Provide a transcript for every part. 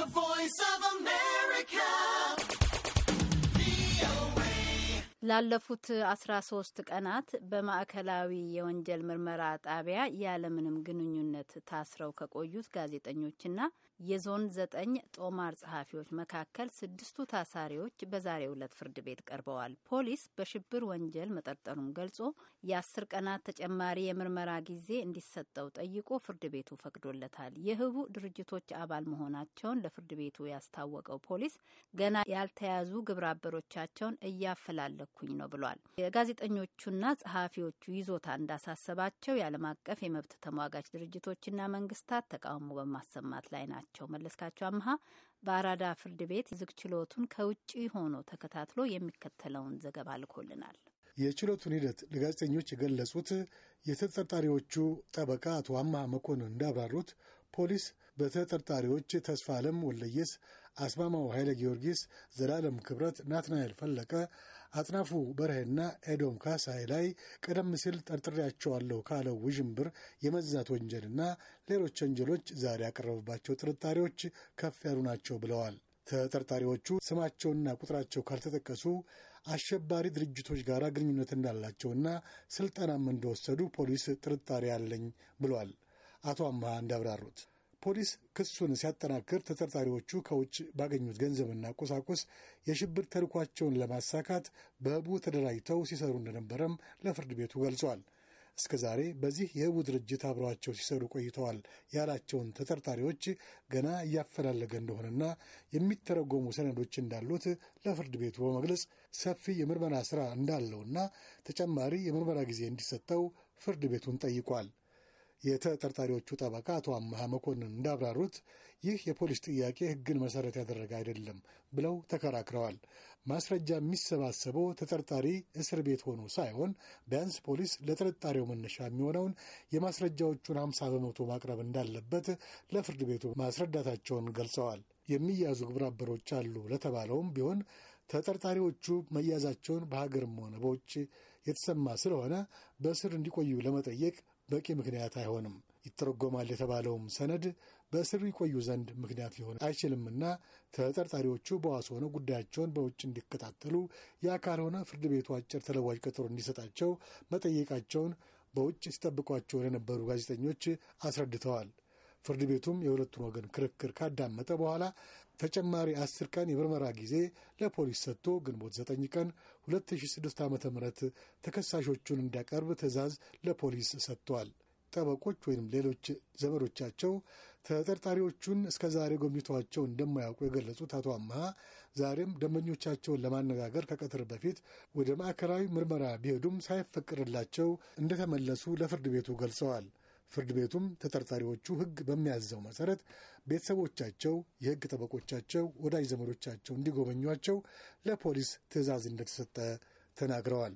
The Voice of America. ላለፉት አስራ ሶስት ቀናት በማዕከላዊ የወንጀል ምርመራ ጣቢያ ያለምንም ግንኙነት ታስረው ከቆዩት ጋዜጠኞችና የዞን ዘጠኝ ጦማር ጸሐፊዎች መካከል ስድስቱ ታሳሪዎች በዛሬው ዕለት ፍርድ ቤት ቀርበዋል። ፖሊስ በሽብር ወንጀል መጠርጠሩን ገልጾ የአስር ቀናት ተጨማሪ የምርመራ ጊዜ እንዲሰጠው ጠይቆ ፍርድ ቤቱ ፈቅዶለታል። የህቡ ድርጅቶች አባል መሆናቸውን ለፍርድ ቤቱ ያስታወቀው ፖሊስ ገና ያልተያዙ ግብረአበሮቻቸውን እያፈላለኩኝ ነው ብሏል። የጋዜጠኞቹና ጸሐፊዎቹ ይዞታ እንዳሳሰባቸው የዓለም አቀፍ የመብት ተሟጋች ድርጅቶችና መንግስታት ተቃውሞ በማሰማት ላይ ናቸው። ናቸው። መለስካቸው አምሃ በአራዳ ፍርድ ቤት ዝግ ችሎቱን ከውጭ ሆኖ ተከታትሎ የሚከተለውን ዘገባ ልኮልናል። የችሎቱን ሂደት ለጋዜጠኞች የገለጹት የተጠርጣሪዎቹ ጠበቃ አቶ አምሃ መኮንን እንዳብራሩት ፖሊስ በተጠርጣሪዎች ተስፋ አለም ወለየስ፣ አስማማው ኃይለ ጊዮርጊስ፣ ዘላለም ክብረት፣ ናትናኤል ፈለቀ፣ አጥናፉ በርሄና ኤዶም ካሳይ ላይ ቀደም ሲል ጠርጥሬያቸዋለሁ ካለው ውዥንብር የመዛት ወንጀልና ሌሎች ወንጀሎች ዛሬ ያቀረበባቸው ጥርጣሬዎች ከፍ ያሉ ናቸው ብለዋል። ተጠርጣሪዎቹ ስማቸውና ቁጥራቸው ካልተጠቀሱ አሸባሪ ድርጅቶች ጋር ግንኙነት እንዳላቸውና ስልጠናም እንደወሰዱ ፖሊስ ጥርጣሬ አለኝ ብሏል። አቶ አምሃ እንዳብራሩት ፖሊስ ክሱን ሲያጠናክር ተጠርጣሪዎቹ ከውጭ ባገኙት ገንዘብና ቁሳቁስ የሽብር ተልኳቸውን ለማሳካት በህቡ ተደራጅተው ሲሰሩ እንደነበረም ለፍርድ ቤቱ ገልጿል። እስከ ዛሬ በዚህ የህቡ ድርጅት አብረዋቸው ሲሰሩ ቆይተዋል ያላቸውን ተጠርጣሪዎች ገና እያፈላለገ እንደሆነና የሚተረጎሙ ሰነዶች እንዳሉት ለፍርድ ቤቱ በመግለጽ ሰፊ የምርመራ ስራ እንዳለውና ተጨማሪ የምርመራ ጊዜ እንዲሰጠው ፍርድ ቤቱን ጠይቋል። የተጠርጣሪዎቹ ጠበቃ አቶ አመሃ መኮንን እንዳብራሩት ይህ የፖሊስ ጥያቄ ሕግን መሰረት ያደረገ አይደለም ብለው ተከራክረዋል። ማስረጃ የሚሰባሰበው ተጠርጣሪ እስር ቤት ሆኖ ሳይሆን ቢያንስ ፖሊስ ለጥርጣሬው መነሻ የሚሆነውን የማስረጃዎቹን ሃምሳ በመቶ ማቅረብ እንዳለበት ለፍርድ ቤቱ ማስረዳታቸውን ገልጸዋል። የሚያዙ ግብራበሮች አሉ ለተባለውም ቢሆን ተጠርጣሪዎቹ መያዛቸውን በሀገርም ሆነ በውጭ የተሰማ ስለሆነ በእስር እንዲቆዩ ለመጠየቅ በቂ ምክንያት አይሆንም። ይተረጎማል የተባለውም ሰነድ በእስር ይቆዩ ዘንድ ምክንያት ሊሆን አይችልምና ተጠርጣሪዎቹ በዋስ ሆነው ጉዳያቸውን በውጭ እንዲከታተሉ፣ ያ ካልሆነ ፍርድ ቤቱ አጭር ተለዋጭ ቀጠሮ እንዲሰጣቸው መጠየቃቸውን በውጭ ሲጠብቋቸው ለነበሩ ጋዜጠኞች አስረድተዋል። ፍርድ ቤቱም የሁለቱን ወገን ክርክር ካዳመጠ በኋላ ተጨማሪ አስር ቀን የምርመራ ጊዜ ለፖሊስ ሰጥቶ ግንቦት ዘጠኝ ቀን 2006 ዓ ም ተከሳሾቹን እንዲያቀርብ ትዕዛዝ ለፖሊስ ሰጥቷል። ጠበቆች ወይም ሌሎች ዘመዶቻቸው ተጠርጣሪዎቹን እስከ ዛሬ ጎብኝቷቸው እንደማያውቁ የገለጹት አቶ አምሃ ዛሬም ደንበኞቻቸውን ለማነጋገር ከቀትር በፊት ወደ ማዕከላዊ ምርመራ ቢሄዱም ሳይፈቅድላቸው እንደተመለሱ ለፍርድ ቤቱ ገልጸዋል። ፍርድ ቤቱም ተጠርጣሪዎቹ ሕግ በሚያዘው መሰረት ቤተሰቦቻቸው፣ የሕግ ጠበቆቻቸው፣ ወዳጅ ዘመዶቻቸው እንዲጎበኟቸው ለፖሊስ ትዕዛዝ እንደተሰጠ ተናግረዋል።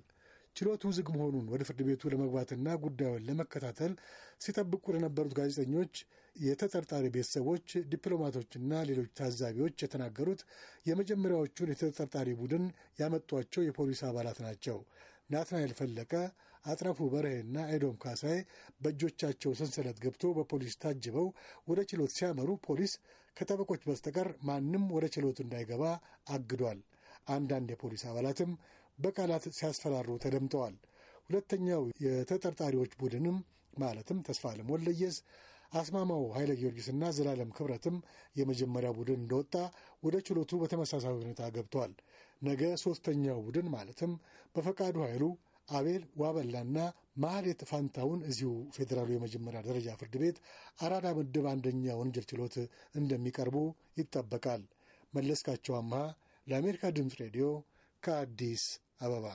ችሎቱ ዝግ መሆኑን ወደ ፍርድ ቤቱ ለመግባትና ጉዳዩን ለመከታተል ሲጠብቁ ለነበሩት ጋዜጠኞች፣ የተጠርጣሪ ቤተሰቦች፣ ዲፕሎማቶችና ሌሎች ታዛቢዎች የተናገሩት የመጀመሪያዎቹን የተጠርጣሪ ቡድን ያመጧቸው የፖሊስ አባላት ናቸው። ናትናኤል ፈለቀ አጥራፉ በርሄና ኤዶም ካሳይ በእጆቻቸው ሰንሰለት ገብቶ በፖሊስ ታጅበው ወደ ችሎት ሲያመሩ ፖሊስ ከጠበቆች በስተቀር ማንም ወደ ችሎት እንዳይገባ አግዷል። አንዳንድ የፖሊስ አባላትም በቃላት ሲያስፈራሩ ተደምጠዋል። ሁለተኛው የተጠርጣሪዎች ቡድንም ማለትም ተስፋለም ወልደየስ፣ አስማማው ኃይለ ጊዮርጊስና ዘላለም ክብረትም የመጀመሪያ ቡድን እንደወጣ ወደ ችሎቱ በተመሳሳይ ሁኔታ ገብቷል። ነገ ሦስተኛው ቡድን ማለትም በፈቃዱ ኃይሉ አቤል ዋበላና መሐሌት ፋንታውን እዚሁ ፌዴራሉ የመጀመሪያ ደረጃ ፍርድ ቤት አራዳ ምድብ አንደኛ ወንጀል ችሎት እንደሚቀርቡ ይጠበቃል። መለስካቸው አምሃ ለአሜሪካ ድምፅ ሬዲዮ ከአዲስ አበባ